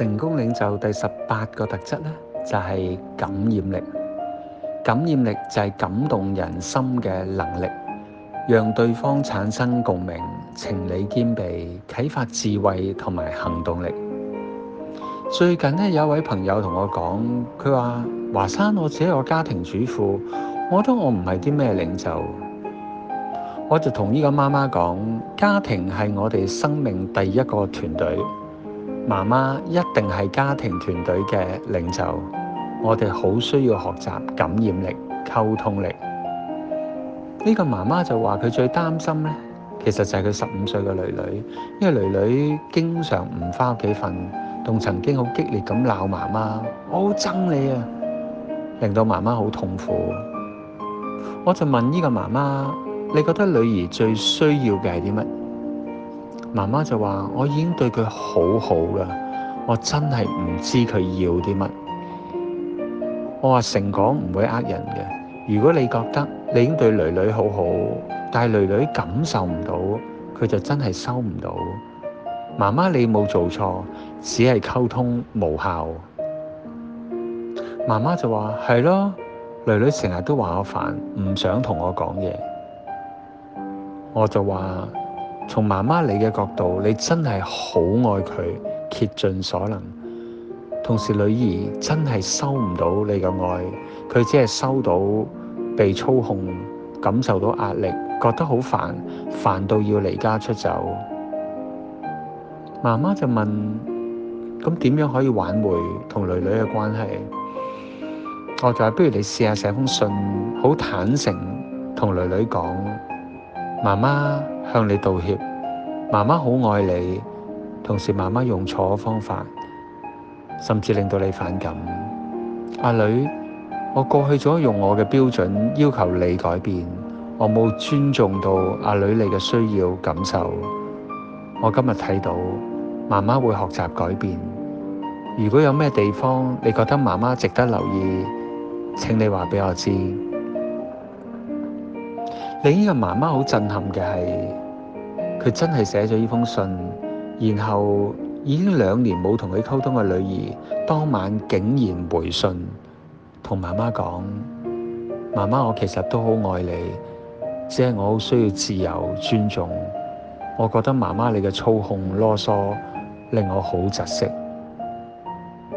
成功領袖第十八個特質呢，就係、是、感染力。感染力就係感動人心嘅能力，讓對方產生共鳴、情理兼備、啟發智慧同埋行動力。最近呢，有位朋友同我講，佢話華山，我只係一個家庭主婦，我覺得我唔係啲咩領袖。我就同呢個媽媽講，家庭係我哋生命第一個團隊。媽媽一定係家庭團隊嘅領袖，我哋好需要學習感染力、溝通力。呢個媽媽就話佢最擔心咧，其實就係佢十五歲嘅女女，因為女女經常唔翻屋企瞓，同曾經好激烈咁鬧媽媽，我好憎你啊，令到媽媽好痛苦。我就問呢個媽媽，你覺得女兒最需要嘅係啲乜？媽媽就話：我已經對佢好好啦，我真係唔知佢要啲乜。我話：成講唔會呃人嘅。如果你覺得你已經對女女好好，但係女女感受唔到，佢就真係收唔到。媽媽你冇做錯，只係溝通無效。媽媽就話：係咯，女女成日都話我煩，唔想同我講嘢。我就話。從媽媽你嘅角度，你真係好愛佢，竭盡所能。同時，女兒真係收唔到你嘅愛，佢只係收到被操控，感受到壓力，覺得好煩，煩到要離家出走。媽媽就問：咁點樣可以挽回同女女嘅關係？我就話：不如你試下寫封信，好坦誠同女女講。媽媽向你道歉，媽媽好愛你，同時媽媽用錯方法，甚至令到你反感。阿女，我過去咗用我嘅標準要求你改變，我冇尊重到阿女你嘅需要感受。我今日睇到媽媽會學習改變，如果有咩地方你覺得媽媽值得留意，請你話俾我知。令呢個媽媽好震撼嘅係，佢真係寫咗呢封信，然後已經兩年冇同佢溝通嘅女兒，當晚竟然回信同媽媽講：媽媽，我其實都好愛你，只係我好需要自由、尊重。我覺得媽媽你嘅操控、囉嗦令我好窒息。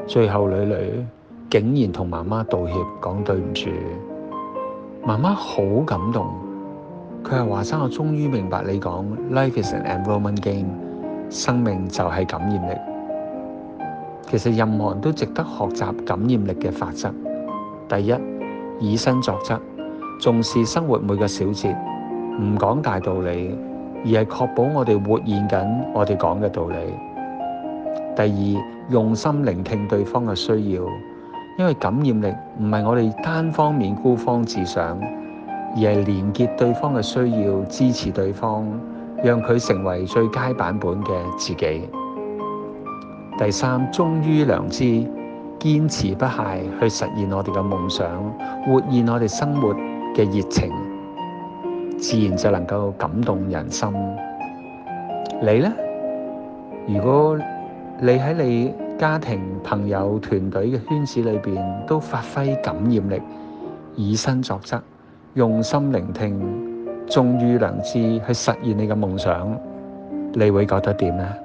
最後女女竟然同媽媽道歉，講對唔住，媽媽好感動。佢係話：華生，我終於明白你講 Life is an environment game，生命就係感染力。其實任何人都值得學習感染力嘅法則。第一，以身作則，重視生活每個小節，唔講大道理，而係確保我哋活現緊我哋講嘅道理。第二，用心聆聽對方嘅需要，因為感染力唔係我哋單方面孤芳自賞。而係連結對方嘅需要，支持對方，讓佢成為最佳版本嘅自己。第三，忠於良知，堅持不懈去實現我哋嘅夢想，活現我哋生活嘅熱情，自然就能夠感動人心。你呢？如果你喺你家庭、朋友、團隊嘅圈子裏邊都發揮感染力，以身作則。用心聆聽，忠於良知，去實現你嘅夢想，你會覺得點咧？